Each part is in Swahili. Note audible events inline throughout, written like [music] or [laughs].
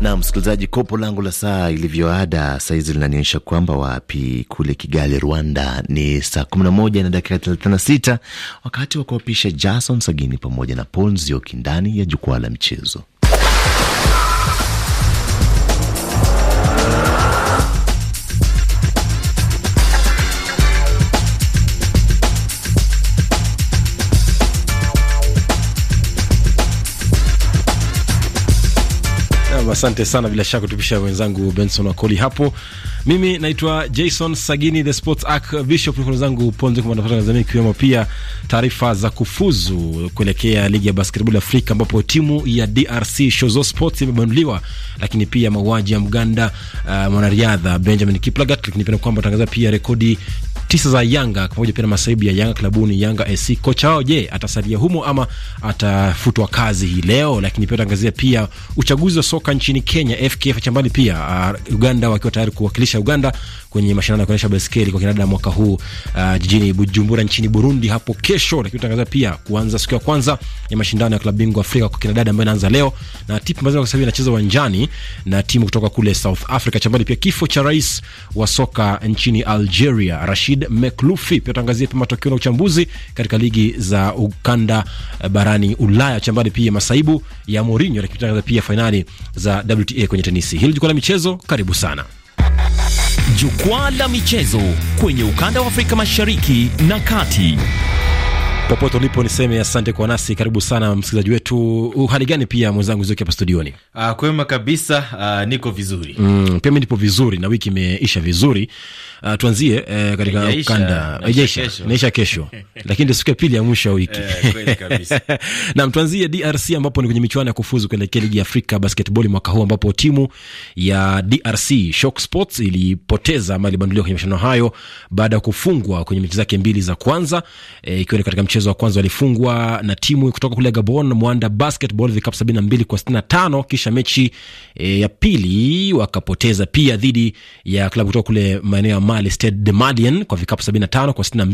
Na msikilizaji, kopo langu la saa ilivyoada hizi linanionyesha kwamba wapi kule Kigali, Rwanda ni saa 11 na dakika 36, wakati wa kuwapisha Jason Sagini pamoja na Paul Nzioki ndani ya jukwaa la mchezo. Asante sana, bila shaka tupisha wenzangu Benson Wakoli hapo mimi naitwa Jason Sagini, the sports arc bishop, niko zangu ponze kwa matapata Tanzania, ikiwemo pia taarifa za kufuzu kuelekea ligi ya basketball Afrika ambapo timu ya DRC Shozo Sports imebanduliwa, lakini pia mauaji ya Mganda uh, mwanariadha Benjamin Kiplagat, lakini pia kwamba tangaza pia rekodi tisa za Yanga pamoja pia na masaibu ya Yanga klabuni Yanga SC. Kocha wao je, atasalia humo ama atafutwa kazi hii leo? Lakini pia tangazia pia uchaguzi wa soka nchini Kenya, FKF chambali pia uh, Uganda wakiwa tayari kuwakilisha kuwakilisha Uganda kwenye mashindano ya kuendesha baiskeli kwa kinada mwaka huu uh, jijini Bujumbura nchini Burundi hapo kesho, lakini tutangaza pia kuanza siku ya kwanza ya mashindano ya klabu bingwa Afrika kwa kinadada ambayo inaanza leo, na timu ambazo kwa sasa inacheza uwanjani na timu kutoka kule South Africa. Chambali pia kifo cha rais wa soka nchini Algeria Rashid Mekloufi, pia tutangazie pia matokeo na uchambuzi katika ligi za ukanda eh, barani Ulaya. Chambali pia masaibu ya Mourinho, lakini tutangaza pia fainali za WTA kwenye tenisi. Hili jukwaa la michezo, karibu sana. Jukwaa la michezo kwenye ukanda wa Afrika Mashariki na Kati. Popote ulipo niseme asante kwa nasi, karibu sana msikilizaji wetu wetu. Hali gani pia mwenzangu Zoki hapa studioni? Uh, kwema kabisa. Uh, niko vizuri mm, pia mi nipo vizuri na wiki imeisha vizuri. Uh, tuanzie eh, katika ukanda ijaisha naisha kesho [laughs] lakini ndio siku ya pili ya mwisho ya wiki na eh, [laughs] nam tuanzie DRC ambapo ni kwenye michuano ya kufuzu kuelekea ligi ya Afrika basketball mwaka huu ambapo timu ya DRC Shock Sports ilipoteza ama ilibanduliwa kwenye mashindano hayo baada ya kufungwa kwenye mechi zake mbili za kwanza eh, ikiwa e, ni katika mchezo wa kwanza walifungwa na timu kutoka kule Gabon Rwanda Basketball vikapu 72 kwa 65, kisha mechi e, ya pili wakapoteza pia dhidi ya klabu kutoka kule maeneo ya Mali Stade de Malien kwa vikapu 75 kwa 62,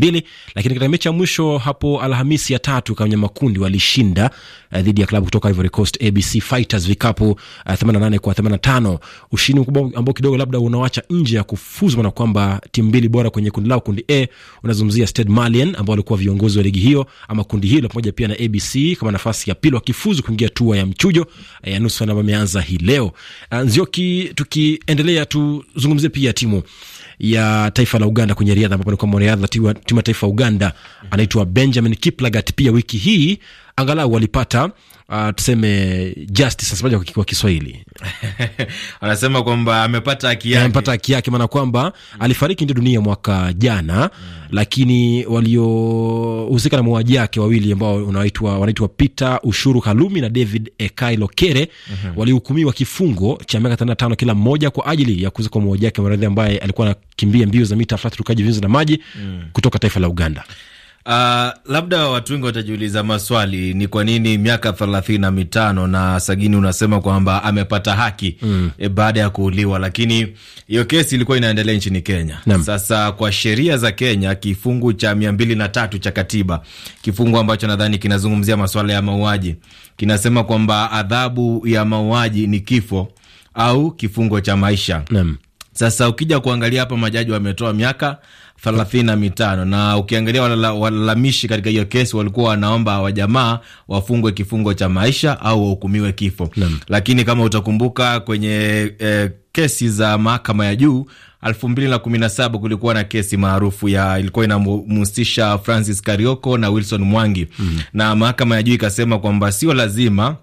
lakini katika mechi ya mwisho hapo Alhamisi ya tatu kwenye makundi walishinda uh, dhidi ya klabu kutoka Ivory Coast ABC Fighters vikapu uh, eh, 88 kwa 85, ushindi mkubwa ambao kidogo labda unawacha nje ya kufuzu na kwamba timu mbili bora kwenye kundi lao, kundi A unazungumzia Stade Malien ambao walikuwa viongozi wa ligi hiyo ama kundi hilo pamoja pia na ABC kama nafasi ya pili Brazil wakifuzu kuingia hatua ya mchujo eh, ya nusu fainali ambayo imeanza hii leo. Eh, Nzioki, tukiendelea tuzungumzie pia timu ya taifa la Uganda kwenye riadha, ambapo ni kwa mwanariadha timu ya taifa ya Uganda anaitwa Benjamin Kiplagat. Pia wiki hii angalau walipata uh, tuseme justice asemaje kwa Kiswahili [laughs] anasema kwamba amepata haki yake, amepata haki yake, maana kwamba mm. alifariki ndio dunia mwaka jana mm. Lakini waliohusika na mauaji yake wawili ambao wanaitwa wanaitwa Peter Ushuru Halumi na David Ekai Lokere mm -hmm. walihukumiwa kifungo cha miaka thelathini tano kila mmoja kwa ajili ya kuuza mauaji yake maradhi ambaye alikuwa anakimbia mbio za mita flat, rukaji, viunzi na maji mm. kutoka taifa la Uganda. Uh, labda watu wengi watajiuliza maswali ni kwa nini miaka thelathini na mitano na Sagini unasema kwamba amepata haki mm. E, baada ya kuuliwa, lakini hiyo kesi ilikuwa inaendelea nchini Kenya Nam. Sasa kwa sheria za Kenya kifungu cha mia mbili na tatu cha katiba, kifungu ambacho nadhani kinazungumzia maswala ya mauaji, kinasema kwamba adhabu ya mauaji ni kifo au kifungo cha maisha Nam. Sasa ukija kuangalia hapa majaji wametoa miaka thelathini na mitano na ukiangalia walalamishi katika hiyo kesi walikuwa wanaomba wajamaa wafungwe kifungo cha maisha au wahukumiwe kifo Lakini kama utakumbuka kwenye eh, kesi za mahakama ya juu elfu mbili na kumi na saba kulikuwa na kesi maarufu ya ilikuwa inamhusisha Francis Karioko na Wilson Mwangi mm. na mahakama ya juu ikasema kwamba sio lazima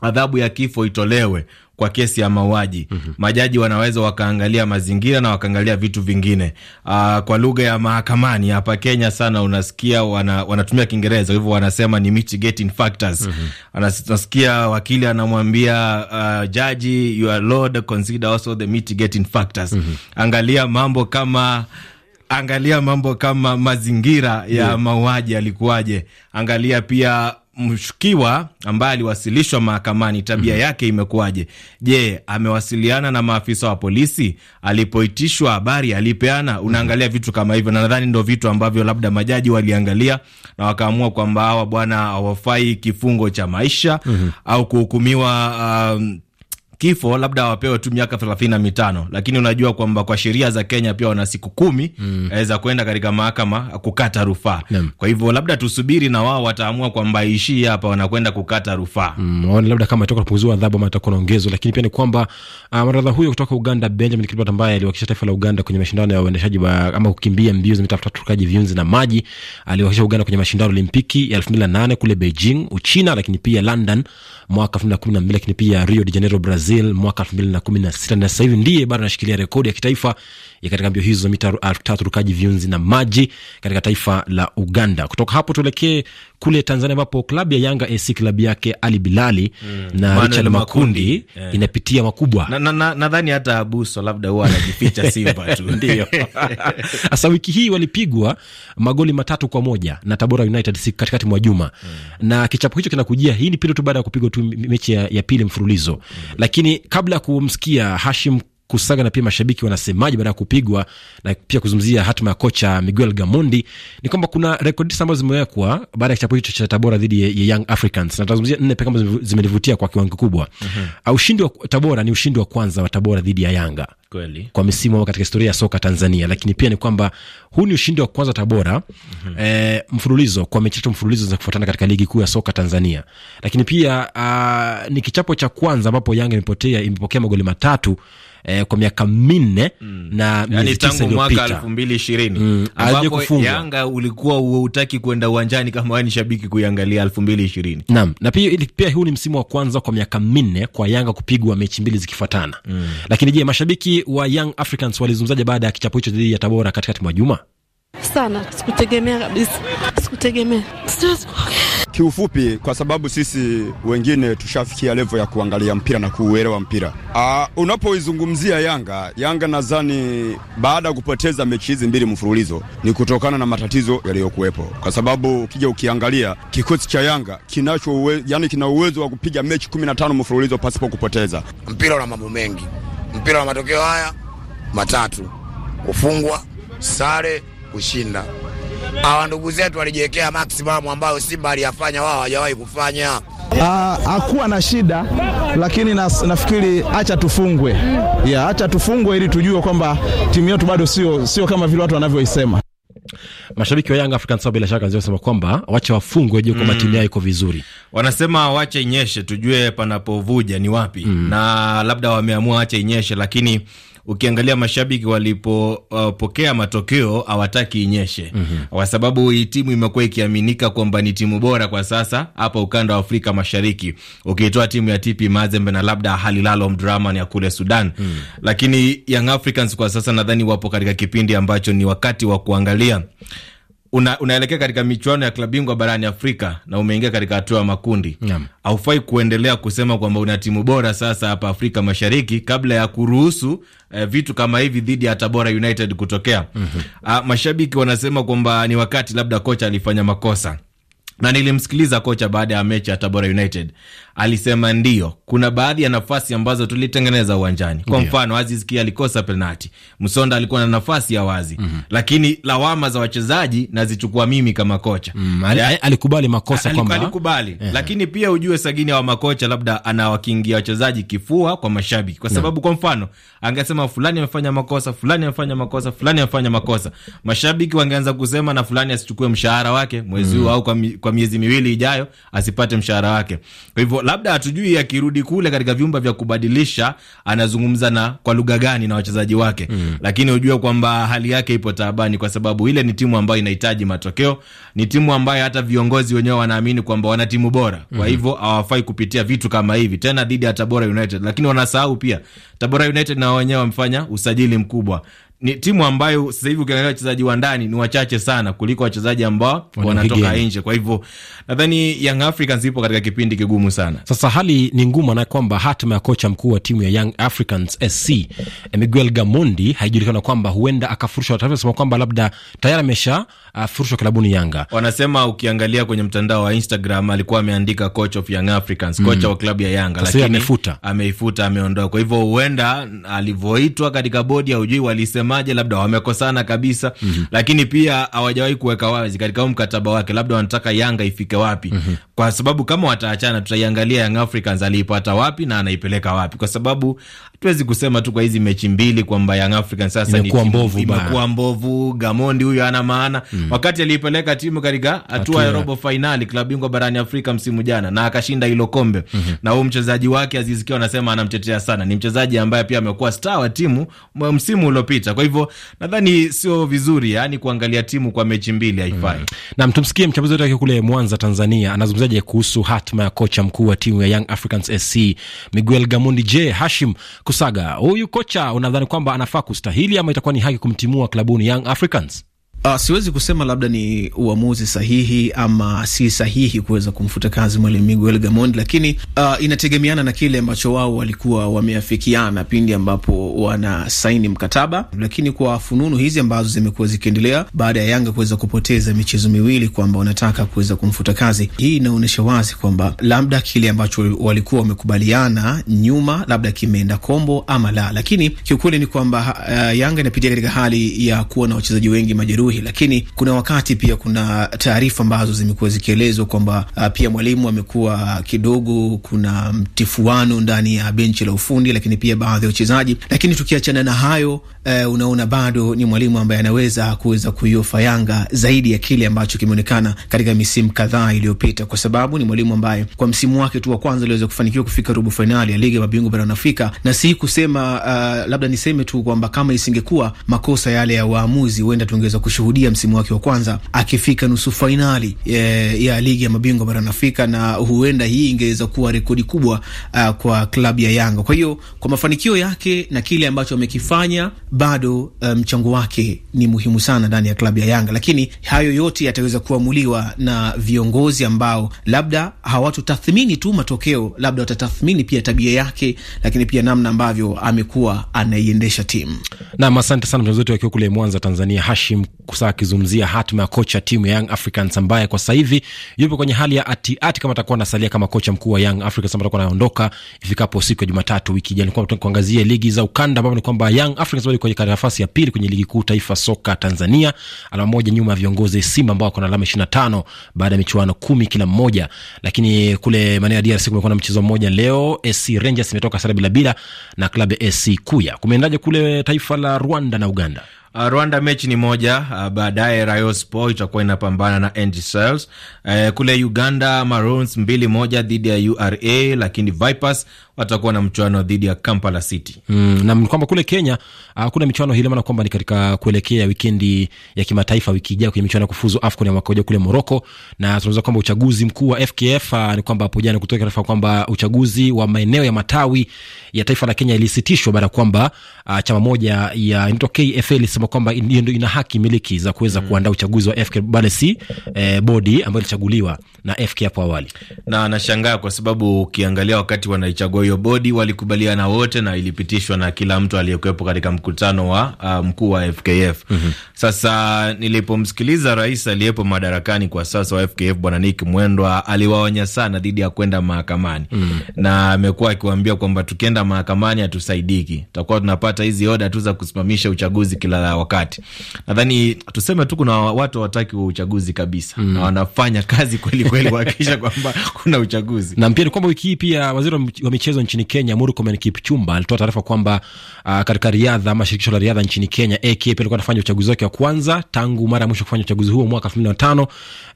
adhabu ya kifo itolewe kwa kesi ya mauaji. mm -hmm. Majaji wanaweza wakaangalia mazingira na wakaangalia vitu vingine. Aa, ah, kwa lugha ya mahakamani hapa Kenya sana unasikia wana, wanatumia Kiingereza hivyo wanasema ni mitigating factors. mm -hmm. Nasikia wakili anamwambia uh, jaji your lord consider also the mitigating factors. mm -hmm. Angalia mambo kama angalia mambo kama mazingira ya yeah. mauaji yalikuwaje, angalia pia mshukiwa ambaye aliwasilishwa mahakamani tabia mm -hmm. yake imekuwaje? Je, amewasiliana na maafisa wa polisi? Alipoitishwa habari alipeana? Unaangalia mm -hmm. vitu kama hivyo, na nadhani ndo vitu ambavyo labda majaji waliangalia na wakaamua kwamba hawa bwana hawafai kifungo cha maisha mm -hmm. au kuhukumiwa um, kifo labda wapewe tu miaka thelathini na mitano, lakini unajua kwamba kwa sheria za Kenya pia wana siku kumi mm. Eh, za kwenda katika mahakama kukata rufaa mm. Kwa hivyo labda tusubiri na wao wataamua kwamba ishii hapa, wanakwenda kukata rufaa mm. Waone labda kama itakuwa punguziwa adhabu ama itakuwa naongezo. Lakini pia ni kwamba uh, ah, mwanariadha huyo kutoka Uganda Benjamin Kiplagat ambaye aliwakilisha taifa la Uganda kwenye mashindano ya uendeshaji ama kukimbia mbio zimetafuta turukaji viunzi na maji, aliwakilisha Uganda kwenye mashindano Olimpiki ya elfu mbili na nane kule Beijing Uchina, lakini pia London mwaka elfu mbili na kumi na mbili lakini pia Rio de Janeiro Brazil Brazil mwaka mbili na sasa hivi ndiye bado anashikilia rekodi ya kitaifa ya katika mbio hizo mita elfu tatu rukaji viunzi na maji katika taifa la Uganda. Kutoka hapo tuelekee kule Tanzania ambapo klabu ya Yanga AC klabu yake Ali Bilali mm, na Manuel Richard Makundi, yeah, inapitia makubwa. Nadhani na, na, na, hata Abuso labda huwa anajificha [laughs] Simba tu ndio sasa. [laughs] Wiki hii walipigwa magoli matatu kwa moja na Tabora United katikati mwa juma mm, na kichapo hicho kinakujia, hii ni pili tu baada ya kupigwa tu mechi ya, ya pili mfululizo mm, lakini kabla ya kumsikia Hashim kusaga na pia mashabiki wanasemaje baada ya kupigwa, na pia kuzungumzia hatima ya kocha Miguel Gamondi, ni kwamba kuna rekodi tisa ambazo zimewekwa baada ya kichapo hicho cha Tabora dhidi ya Young Africans, na tutazungumzia nne pekee ambazo zimenivutia kwa kiwango kikubwa. Uh, ushindi wa Tabora ni ushindi wa kwanza wa Tabora dhidi ya Yanga kweli kwa misimu katika historia ya soka Tanzania, lakini pia ni kwamba huu ni ushindi wa kwanza Tabora mm -hmm. E, mfululizo kwa mechi tatu mfululizo za kufuatana katika ligi kuu ya soka Tanzania, lakini pia uh, ni kichapo cha kwanza ambapo Yanga imepotea imepokea magoli matatu eh, kwa miaka minne mm. na yani tangu mwaka elfu mbili ishirini mm, Yanga ulikuwa utaki kwenda uwanjani kama wewe shabiki kuiangalia elfu mbili ishirini Na pia pia huu ni msimu wa kwanza kwa miaka minne kwa Yanga kupigwa mechi mbili zikifuatana mm. Lakini je, mashabiki wa Young Africans walizungumzaje baada ya kichapo hicho dhidi ya Tabora katikati mwa juma? Sana sikutegemea kabisa, sikutegemea kiufupi, kwa sababu sisi wengine tushafikia levo ya kuangalia mpira na kuuelewa mpira. Ah, unapoizungumzia Yanga, Yanga nadhani baada ya kupoteza mechi hizi mbili mfululizo ni kutokana na matatizo yaliyokuwepo, kwa sababu ukija ukiangalia kikosi cha Yanga kinacho uwe, yani kina uwezo wa kupiga mechi 15 mfululizo pasipo kupoteza. Mpira una mambo mengi, mpira wa matokeo haya matatu: kufungwa, sare, kushinda hawa ndugu zetu walijiwekea maximum ambayo Simba aliyafanya wao hawajawahi kufanya. Ah, hakuwa na shida, lakini nas, nafikiri acha tufungwe ya Yeah, acha tufungwe ili tujue kwamba timu yetu bado sio sio kama vile watu wanavyoisema. Mashabiki wa Young African Stars bila shaka wanasema kwamba wacha wafungwe juu kwamba mm. timu yao iko vizuri. Wanasema wache inyeshe tujue panapovuja ni wapi mm. na labda wameamua wache inyeshe, lakini ukiangalia mashabiki walipopokea uh, matokeo hawataki inyeshe mm -hmm. kwa sababu hii timu imekuwa ikiaminika kwamba ni timu bora kwa sasa hapa ukanda wa Afrika Mashariki, ukiitoa timu ya TP Mazembe na labda Hilal Omdurman ya kule Sudan mm -hmm. lakini Young Africans kwa sasa nadhani wapo katika kipindi ambacho ni wakati wa kuangalia una, unaelekea katika michuano ya klabu bingwa barani Afrika na umeingia katika hatua ya makundi, haufai kuendelea kusema kwamba una timu bora sasa hapa Afrika Mashariki kabla ya kuruhusu eh, vitu kama hivi dhidi ya Tabora United kutokea. mm -hmm. Ah, mashabiki wanasema kwamba ni wakati labda kocha alifanya makosa na nilimsikiliza kocha baada ya mechi ya Tabora United. Alisema ndio, kuna baadhi ya nafasi ambazo tulitengeneza uwanjani. Kwa mfano, Aziz Ki alikosa penati, Msonda alikuwa na nafasi ya wazi mm -hmm. Lakini lawama za wachezaji nazichukua mimi kama kocha mm, al al alikubali makosa kwamba alikubali yeah. Lakini pia ujue sagini wa makocha labda anawakingia wachezaji kifua kwa mashabiki, kwa sababu yeah. Kwa mfano angesema fulani amefanya makosa, fulani amefanya makosa, fulani amefanya makosa, mashabiki wangeanza kusema na fulani asichukue mshahara wake mwezi huu mm. au kwa kwa miezi miwili ijayo asipate mshahara wake. Kwa hivyo labda hatujui akirudi kule katika vyumba vya kubadilisha anazungumza na kwa lugha gani na wachezaji wake mm. Lakini hujua kwamba hali yake ipo taabani, kwa sababu ile ni timu ambayo inahitaji matokeo, ni timu ambayo hata viongozi wenyewe wanaamini kwamba wana timu bora, kwa hmm. hivyo hawafai kupitia vitu kama hivi tena dhidi ya Tabora United. Lakini wanasahau pia Tabora United na wenyewe wamefanya usajili mkubwa ni timu ambayo sasa hivi ukiangalia wachezaji wa ndani ni wachache sana kuliko wachezaji ambao wanatoka nje. Kwa hivyo nadhani Young Africans ipo katika kipindi kigumu sana. Sasa hali ni ngumu, na kwamba hatima ya kocha mkuu wa timu ya Young Africans SC Miguel Gamondi haijulikana, kwamba huenda akafurushwa. Taarifa zinasema kwamba labda tayari amesha uh, furushwa klabuni Yanga. Wanasema ukiangalia kwenye mtandao wa Instagram alikuwa ameandika coach of Young Africans, kocha mm. wa klabu ya Yanga, lakini ameifuta, ameondoa. Kwa hivyo huenda alivyoitwa katika bodi ya ujui walisema wasemaje, labda wamekosana kabisa mm -hmm. Lakini pia hawajawahi kuweka wazi katika huu mkataba wake, labda wanataka Yanga ifike wapi mm -hmm. Kwa sababu kama wataachana, tutaiangalia Young Africans aliipata wapi na anaipeleka wapi, kwa sababu hatuwezi kusema tu kwa hizi mechi mbili kwamba Young Africans sasa imekuwa mbovu, imekuwa mbovu, Gamondi huyo ana maana mm. -hmm. Wakati aliipeleka timu katika hatua ya robo fainali klabu bingwa barani Afrika msimu jana na akashinda hilo kombe mm -hmm. na huu mchezaji wake Aziz Ki anasema anamtetea sana, ni mchezaji ambaye pia amekuwa star wa timu msimu uliopita kwa hivyo nadhani sio vizuri, yani kuangalia timu kwa mechi mbili haifai. Mm. Nam, tumsikie mchambuzi wetu akiwa kule Mwanza, Tanzania, anazungumzaje kuhusu hatima ya kocha mkuu wa timu ya Young Africans SC Miguel gamundi Je, Hashim Kusaga, huyu kocha unadhani kwamba anafaa kustahili ama itakuwa ni haki kumtimua klabuni Young Africans? Uh, siwezi kusema labda ni uamuzi sahihi ama si sahihi kuweza kumfuta kazi mwalimu Miguel Gamond, lakini uh, inategemeana na kile ambacho wao walikuwa wameafikiana pindi ambapo wanasaini mkataba. Lakini kwa fununu hizi ambazo zimekuwa zikiendelea baada ya Yanga kuweza kupoteza michezo miwili, kwamba wanataka kuweza kumfuta kazi, hii inaonyesha wazi kwamba labda kile ambacho walikuwa wamekubaliana nyuma labda kimeenda kombo ama la. Lakini kiukweli ni kwamba uh, Yanga inapitia katika hali ya kuwa na wachezaji wengi majeruhi asubuhi, lakini kuna wakati pia kuna taarifa ambazo zimekuwa zikielezwa kwamba uh, pia mwalimu amekuwa kidogo, kuna mtifuano ndani ya benchi la ufundi, lakini pia baadhi ya wachezaji. Lakini tukiachana na hayo Uh, unaona bado ni mwalimu ambaye anaweza kuweza kuiofa Yanga zaidi ya kile ambacho kimeonekana katika misimu kadhaa iliyopita, kwa sababu ni mwalimu ambaye kwa msimu wake tu wa kwanza aliweza kufanikiwa kufika robo fainali ya ligi ya mabingwa barani Afrika, na si kusema uh, labda niseme tu kwamba kama isingekuwa makosa yale ya waamuzi, huenda tungeweza kushuhudia kushuhudia msimu wake wa kwanza akifika nusu fainali e, ya ligi ya mabingwa barani Afrika, na huenda hii ingeweza kuwa rekodi kubwa uh, kwa klabu ya Yanga. Kwa hiyo kwa mafanikio yake na kile ambacho amekifanya, bado eh, mchango um, wake ni muhimu sana ndani ya klabu ya Yanga, lakini hayo yote yataweza kuamuliwa na viongozi ambao labda hawatutathmini tu matokeo, labda watatathmini pia tabia yake, lakini pia namna ambavyo amekuwa anaiendesha timu. Nam, asante sana mchezaji wetu akiwa kule Mwanza, Tanzania, Hashim Kusaa akizungumzia hatima ya kocha timu ya Young Africans ambaye kwa sasa yupo kwenye hali ya atiati kama atakuwa anasalia kama kocha mkuu wa Young Africans ambaye atakuwa anaondoka ifikapo siku ya Jumatatu wiki ijayo. Nilikuwa kuangazia ligi za ukanda ambapo ni kwamba Young Africans bado kwenye nafasi ya pili kwenye ligi kuu taifa soka Tanzania, alama moja nyuma ya viongozi Simba ambao wako na alama tano baada ya michuano kumi kila mmoja, lakini kule maeneo ya DRC kumekuwa na mchezo mmoja leo. AC Rangers imetoka sare bila bila na klabu ya AC Kuya. Kumeendaje kule taifa la la Rwanda na Uganda? Uh, Rwanda mechi ni moja. Uh, baadaye Rayon Sports itakuwa inapambana na NG Cells. Uh, kule Uganda Maroons mbili moja dhidi ya URA, lakini Vipers watakuwa na mchuano dhidi ya Kampala City. Mm, na kwamba kule Kenya uh, kuna michuano hili maana kwamba ni katika kuelekea wikendi ya kimataifa wiki ijayo kwenye michuano ya kufuzu AFCON ya mwaka ujao kule Morocco, na tunaweza kwamba uchaguzi mkuu wa FKF uh, ni kwamba hapo jana kutoka taarifa kwamba uchaguzi wa maeneo ya matawi ya taifa la Kenya ilisitishwa baada ya kwamba chama moja ya inaitwa KFA ilisema kusema kwamba hiyo ndio ina haki miliki za kuweza mm. kuandaa uchaguzi wa FK bale si eh, bodi ambayo ilichaguliwa na FK hapo awali, na nashangaa kwa sababu ukiangalia wakati wanaichagua hiyo bodi walikubaliana wote na ilipitishwa na kila mtu aliyekuwepo katika mkutano wa uh, mkuu wa FKF mm -hmm. Sasa nilipomsikiliza rais aliyepo madarakani kwa sasa wa FKF bwana Nick Mwendwa aliwaonya sana dhidi ya kwenda mahakamani mm. na amekuwa akiwaambia kwamba tukienda mahakamani hatusaidiki, tutakuwa tunapata hizi oda tu za kusimamisha uchaguzi kila wakati. Nadhani tuseme tu kuna watu hawataki uchaguzi kabisa mm. na wanafanya kazi kweli kweli kuhakikisha [laughs] kwamba kuna uchaguzi. Na pia ni kwamba wiki hii pia waziri wa michezo nchini Kenya Murkomen Kipchumba alitoa taarifa kwamba uh, katika riadha ama shirikisho la riadha nchini Kenya AKP alikuwa anafanya uchaguzi wake wa kwanza tangu mara ya mwisho kufanya uchaguzi huo mwaka 2005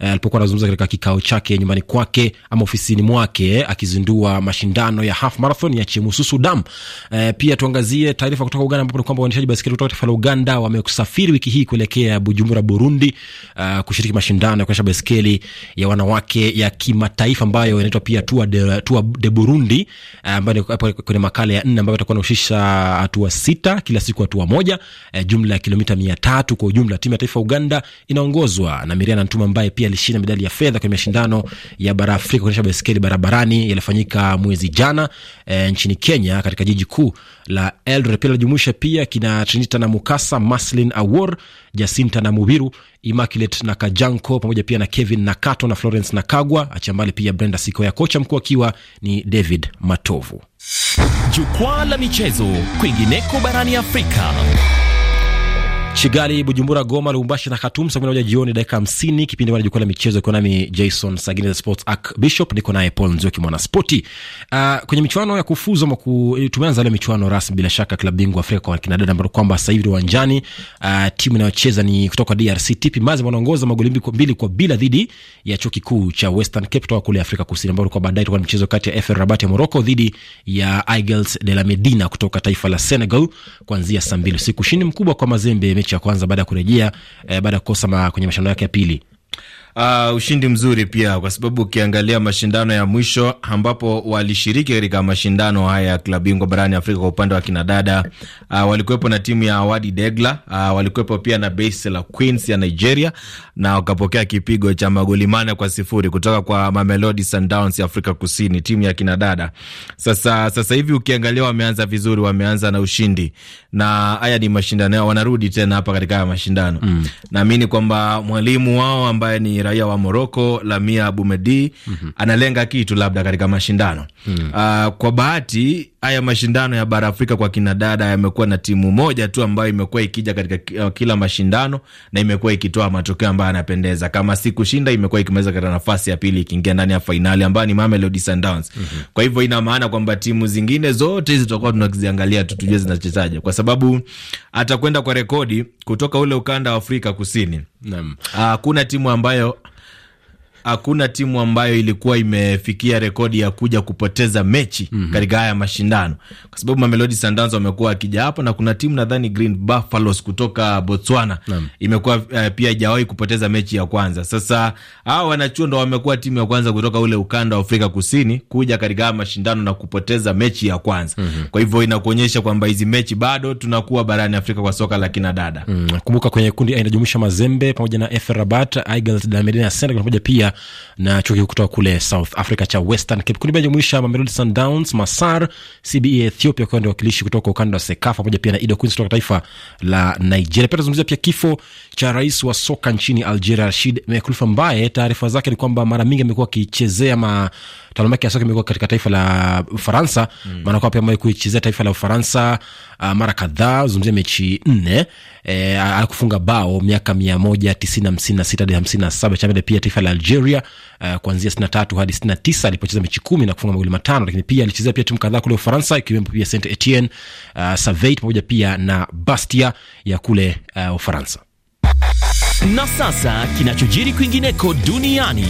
eh, alipokuwa uh, anazungumza katika kikao chake nyumbani kwake ama ofisini mwake akizindua mashindano ya half marathon ya Chemosusu Dam. Uh, pia tuangazie taarifa kutoka Uganda ambapo ni kwamba waendeshaji basikeli kutoka taifa la Uganda wa wamesafiri wiki hii kuelekea Bujumbura, Burundi, uh, kushiriki mashindano ya kuendesha baiskeli ya wanawake ya kimataifa ambayo inaitwa pia Tour de, Tour de Burundi, uh, ambayo uh, ipo kwenye makala ya nne ambayo itakuwa inahusisha hatua sita, kila siku hatua moja, uh, jumla ya kilomita mia tatu kwa ujumla. Timu ya taifa Uganda inaongozwa na Miriana Ntuma ambaye pia alishinda medali ya fedha kwenye mashindano ya bara Afrika kuonyesha baiskeli barabarani yalifanyika mwezi jana uh, nchini Kenya katika jiji kuu la Eldoret. Pia linajumuisha pia kina Trinita na Mukasa Maslin Awor, Jacinta na Mubiru, Immaculate na Kajanko pamoja pia na Kevin Nakato na Florence Nakagwa, achiambali pia Brenda Siko ya kocha mkuu akiwa ni David Matovu. Jukwaa la michezo kwingineko barani Afrika. Kigali, Bujumbura, Goma, Lubumbashi na Khartoum, saa kumi na moja jioni dakika hamsini. Kipindi mana jukwaa la michezo, iko nami Jason Sagini the Sports Arc Bishop, niko naye Paul Nzioki mwana spoti. Uh, ah, kwenye michuano ya kufuzu maku, tumeanza leo michuano rasmi bila shaka klabu bingwa Afrika kwa kina dada ambao kwamba sasa hivi uwanjani uh, timu inayocheza ni kutoka DRC TP Mazembe wanaongoza magoli mbili kwa bila dhidi ya chuo kikuu cha Western Cape kutoka kule Afrika Kusini, ambao kwa baadaye tutakuwa mchezo kati ya FAR Rabat ya Morocco dhidi ya Aigles de la Medina kutoka taifa la Senegal kuanzia saa mbili usiku. Ushindi mkubwa kwa Mazembe cha kwanza baada ya kurejea eh, baada ya kukosa kwenye mashindano yake ya pili uh, ushindi mzuri pia, kwa sababu ukiangalia mashindano ya mwisho ambapo walishiriki katika mashindano haya ya klabu bingwa barani Afrika kwa upande wa kinadada uh, ah, walikuwepo na timu ya Wadi Degla uh, walikuwepo pia na la Queens ya Nigeria na wakapokea kipigo cha magoli mane kwa sifuri kutoka kwa Mamelodi Sundowns ya Afrika Kusini, timu ya kinadada. Sasa sasa hivi ukiangalia wameanza vizuri, wameanza na ushindi, na haya ni mashindano yao, wanarudi tena hapa katika haya mashindano mm. Naamini kwamba mwalimu wao ambaye ni ni raia wa Moroko, Lamia Bumedi mm -hmm. analenga kitu labda katika mashindano mm -hmm. uh, kwa bahati haya mashindano ya bara Afrika kwa kinadada yamekuwa na timu moja tu ambayo imekuwa ikija katika uh, kila mashindano na imekuwa ikitoa matokeo ambayo yanapendeza. Kama si kushinda, imekuwa ikimaliza katika nafasi ya pili ikiingia ndani ya fainali ambayo ni Mamelodi Sundowns. mm -hmm. Kwa hivyo ina maana kwamba timu zingine zote hizi tutakuwa tunaziangalia tu tujue zinachezaje, kwa sababu atakwenda kwa rekodi kutoka ule ukanda wa Afrika Kusini. Naam. Uh, timu ambayo hakuna timu ambayo ilikuwa imefikia rekodi ya kuja kupoteza mechi mm -hmm. katika haya mashindano, kwa sababu Mamelodi Sundowns wamekuwa wakija hapo, na kuna timu nadhani Green Buffaloes kutoka Botswana imekuwa uh, pia ijawahi kupoteza mechi ya kwanza. Sasa hawa wanachuo ndo wamekuwa timu ya kwanza kutoka ule ukanda wa Afrika Kusini kuja katika haya mashindano na kupoteza mechi ya kwanza mm -hmm. kwa hivyo inakuonyesha kwamba hizi mechi bado tunakuwa barani Afrika kwa soka la kina dada mm. Kumbuka kwenye kundi inajumuisha Mazembe pamoja na FAR Rabat, Aigil Dameddine na Senegal pamoja pia na chuo kikuu kutoka kule South Africa cha Western Cape. Kundi B Mamelodi Sundowns, Masar, CBA Ethiopia kwa ndio wakilishi kutoka ukanda wa Sekafa pamoja pia na Ido Queens kutoka taifa la Nigeria. Pia tazungumzia pia kifo cha rais wa soka nchini Algeria Rashid Mekouf ambaye taarifa zake ni kwamba mara mingi amekuwa akichezea ma talomaki ya soka imekuwa katika taifa la Ufaransa mm. maana kwa pia mwai kuichezea taifa la Ufaransa uh, mara kadhaa, zungumzia mechi nne e, alikufunga bao miaka mia moja tisini hamsini na sita hadi hamsini na saba chamele pia taifa la Algeria uh, kuanzia sitini na tatu hadi sitini na tisa alipocheza mechi kumi na kufunga magoli matano, lakini pia alichezea pia timu kadhaa kule Ufaransa ikiwemo pia Saint Etienne uh, Savet pamoja pia na Bastia ya kule uh, Ufaransa. Na sasa kinachojiri kwingineko duniani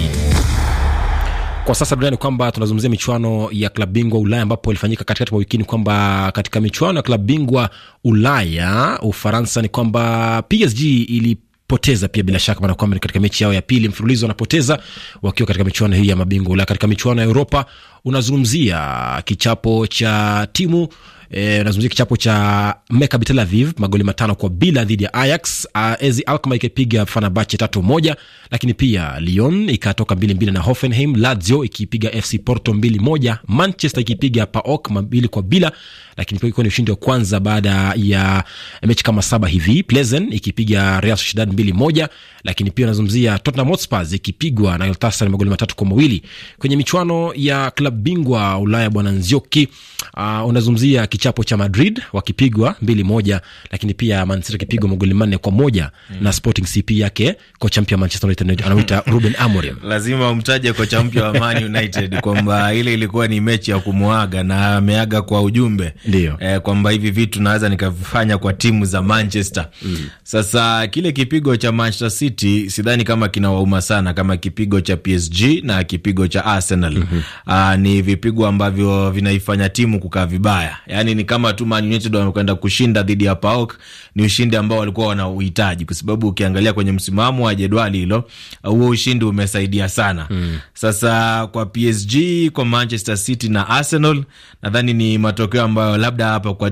kwa sasa duniani kwamba tunazungumzia michuano ya klabu bingwa Ulaya ambapo ilifanyika katikati mwa wikini, kwamba katika michuano ya klabu bingwa Ulaya Ufaransa ni kwamba PSG ili poteza pia bila shaka, maana kwamba katika mechi yao ya pili mfululizo wanapoteza wakiwa katika michuano hii ya mabingwa Ulaya. Katika michuano ya Europa unazungumzia kichapo cha timu E, nazungumzia kichapo cha Maccabi Tel Aviv magoli matano kwa bila dhidi ya Ajax. AZ ah, Alkmaar ikipiga Fenerbahce tatu moja, lakini pia Lyon ikatoka mbili mbili na Hoffenheim, Lazio ikipiga FC Porto mbili moja, Manchester ikipiga PAOK mbili kwa bila, lakini pia ikuwa ni ushindi wa kwanza baada ya mechi kama saba hivi. Plezen ikipiga Real Sociedad mbili moja, lakini pia nazungumzia Tottenham Hotspur ikipigwa na Galatasaray magoli matatu kwa mawili kwenye michuano ya klabu bingwa Ulaya. Bwana Nzioki, uh, unazungumzia kichapo cha Madrid wakipigwa mbili moja, lakini pia Man City akipigwa magoli manne kwa moja mm. na Sporting CP yake kocha mpya Manchester United anawita [laughs] Ruben Amorim. Lazima umtaje kocha mpya wa Man United kwamba ile ilikuwa ni mechi ya kumuaga na ameaga kwa ujumbe ndio, eh, kwamba hivi vitu naweza nikavifanya kwa timu za Manchester mm. Sasa kile kipigo cha Manchester City sidhani kama kinawauma sana kama kipigo cha PSG na kipigo cha Arsenal mm -hmm. Aa, ah, ni vipigo ambavyo vinaifanya timu kukaa vibaya yani yani ni kama tu Man United wamekwenda kushinda dhidi ya PAOK ni ushindi ambao walikuwa wanauhitaji, kwa sababu ukiangalia kwenye msimamo wa jedwali hilo, uh, huo ushindi umesaidia sana mm. Sasa kwa PSG, kwa Manchester City na Arsenal, nadhani ni matokeo ambayo labda hapa kwa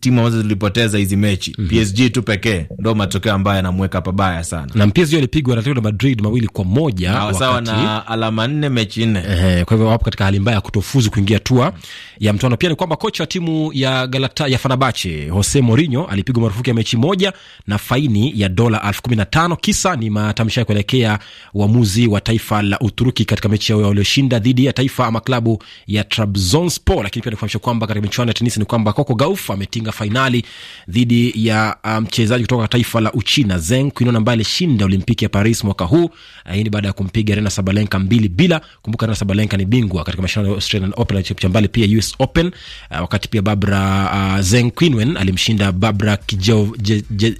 timu ambazo zilipoteza hizi mechi mm -hmm. PSG tu pekee ndo matokeo ambayo yanamweka pabaya sana, na PSG walipigwa na Real Madrid mawili kwa moja na sawa na alama nne mechi nne. Eh, kwa hivyo wapo katika hali mbaya ya kutofuzu kuingia tua ya mtoano. Pia ni kwamba kocha wa timu ya Galata ya Fenerbahce Jose Mourinho alipigwa marufuku ya mechi moja na faini ya dola elfu kumi na tano. Kisa ni matamshi ya kuelekea uamuzi wa taifa la Uturuki katika mechi yao walioshinda dhidi ya taifa ama klabu ya Trabzonspor. Lakini pia nikufahamisha kwamba katika michuano ya tenisi ni kwamba Coco Gauff ametinga fainali dhidi ya uh, mchezaji um, kutoka taifa la Uchina Zeng Quinon ambaye alishinda Olimpiki ya Paris mwaka huu. Uh, hii ni baada ya kumpiga Arena Sabalenka mbili bila. Kumbuka Arena Sabalenka ni bingwa katika mashindano ya Australian Open na cha mbali pia US Open, uh, wakati pia Barbara uh, Zeng Quinwen alimshinda Barbara Kijov,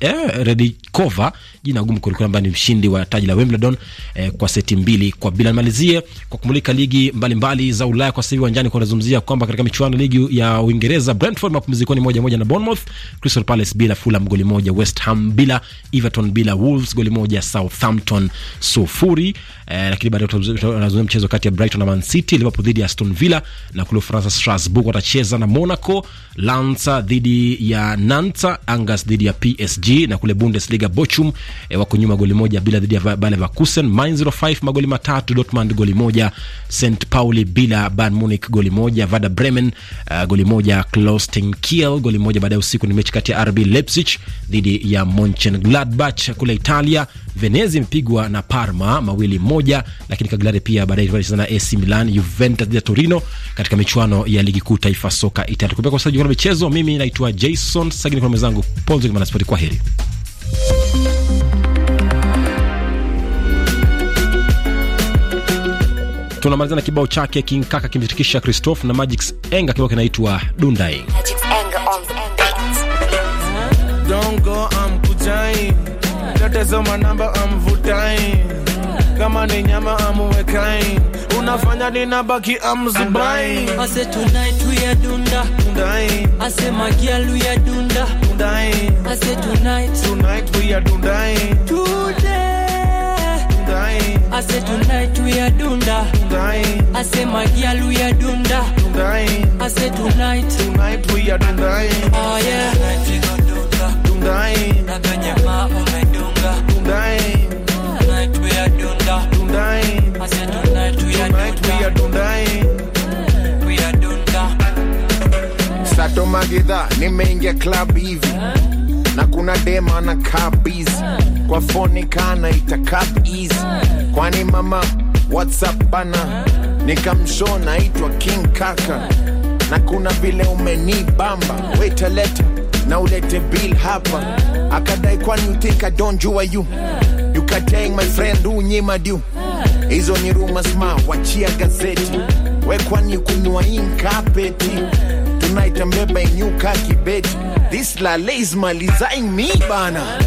Eh, Redikova, jina gumu kwelikweli, ambaye ni mshindi wa taji la Wimbledon eh, kwa seti mbili kwa bila. Nimalizie kwa kumulika ligi mbalimbali mbali za Ulaya kwa sasa hivi uwanjani, kunazungumzia kwamba katika michuano ligi ya Uingereza, Brentford mapumzikoni moja moja na Bournemouth, Crystal Palace bila, Fulham goli moja, West Ham bila, Everton bila, Wolves goli moja, Southampton sufuri. Eh, lakini baadaye tunazungumzia mchezo kati ya Brighton na Man City, Liverpool dhidi ya Aston Villa, na kule Ufaransa Strasbourg watacheza na Monaco, Lens dhidi ya Nantes, Angers dhidi dhidi ya PSG na kule Bundesliga Bochum e, wako nyuma goli moja bila dhidi ya Bayer Leverkusen, Mainz 05 magoli matatu, Dortmund goli moja, St Pauli bila Bayern Munich goli moja, Werder Bremen uh, goli moja, Holstein Kiel goli moja. Baadaye usiku ni mechi kati ya RB Leipzig dhidi ya Monchengladbach kule Italia Venezi imepigwa na Parma mawili moja, lakini Cagliari pia baadaye itacheza na AC Milan. Juventus ya Torino katika michuano ya ligi kuu taifa soka Italia. Kupeka wasaji kwa michezo, mimi naitwa Jason Sagini, kwa mwenzangu Ponzo Kimana Sport. Kwa heri. Tunamaliza na kibao chake King Kaka christoph Christophe na Magix Enga, kibao kinaitwa Dundai. Enga on the Don't go, I'm yote Natazama namba amvutai, kama ni nyama amuwekai, unafanya ninabaki amzubai. Ase tonight we are dunda, dundai. Ase magial we are dunda, dundai. Ase tonight, tonight we are dunda Today, Ase tonight we are dunda, dundai. Ase magial we are dunda, dundai. Ase tonight, tonight we are dunda Oh ah, yeah. nimeingia club hivi na kuna dema na kabizi kwa foni kana ita cup easy kwani mama whatsapp bana nikamsho naitwa king kaka na kuna vile umeni umenibamba wetaleta na ulete bill hapa akadai kwani you think i don't jua you you can take my friend nyima du hizo ni rumors ma wachia gazeti we kwani kunywa carpet tonight inyuka kibeti this lale is malizaing mi bana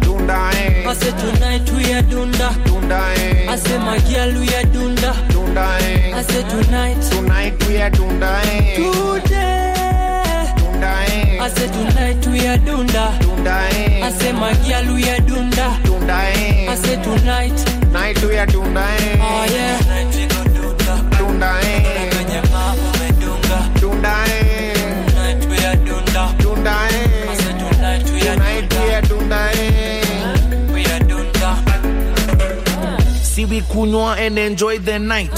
dunda eh. Ase tonight we are dunda dunda eh. Ase my girl we dunda dunda eh. Ase tonight tonight we are dunda eh. Today dunda eh. Ase tonight we are dunda dunda eh. Ase my girl we dunda dunda eh. Ase tonight night we are dunda eh. Oh yeah. dunda eh. baby, kunywa and enjoy the night.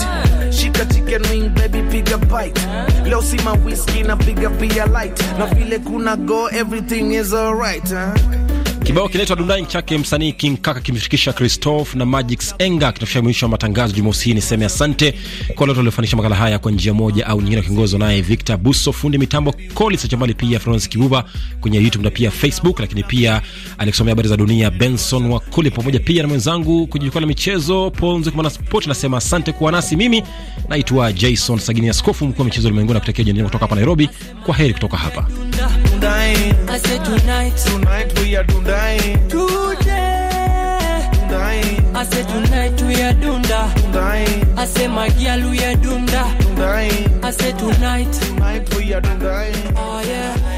Shika chicken wing baby, piga bite. Leo si ma whiskey na piga pia light. Na vile kuna go, everything is alright. Kibao kinaitwa Dunai chake msanii King Kaka kimshirikisha Christophe na Magix Enga kitafikia mwisho wa matangazo Jumamosi hii. Niseme asante kwa lote waliofanikisha makala haya kwa njia moja au nyingine, wakiongozwa naye Victor Buso, fundi mitambo Colisa Chambali, pia Florence Kibuba kwenye YouTube na pia Facebook, lakini pia alikusomea habari za dunia Benson Wakuli, pamoja pia na mwenzangu kwenye jukwaa la michezo Paul Nzukimana Sport. Nasema asante kuwa nasi. Mimi naitwa Jason Sagini, askofu mkuu wa michezo ulimwenguni, na kutakia jeni kutoka hapa Nairobi. Kwa heri kutoka hapa dying. I said tonight. Tonight we are done dying. Today. Done dying. I said tonight we are done dying. I said my girl we are done dying. I said tonight. Tonight we are done dying. Oh yeah.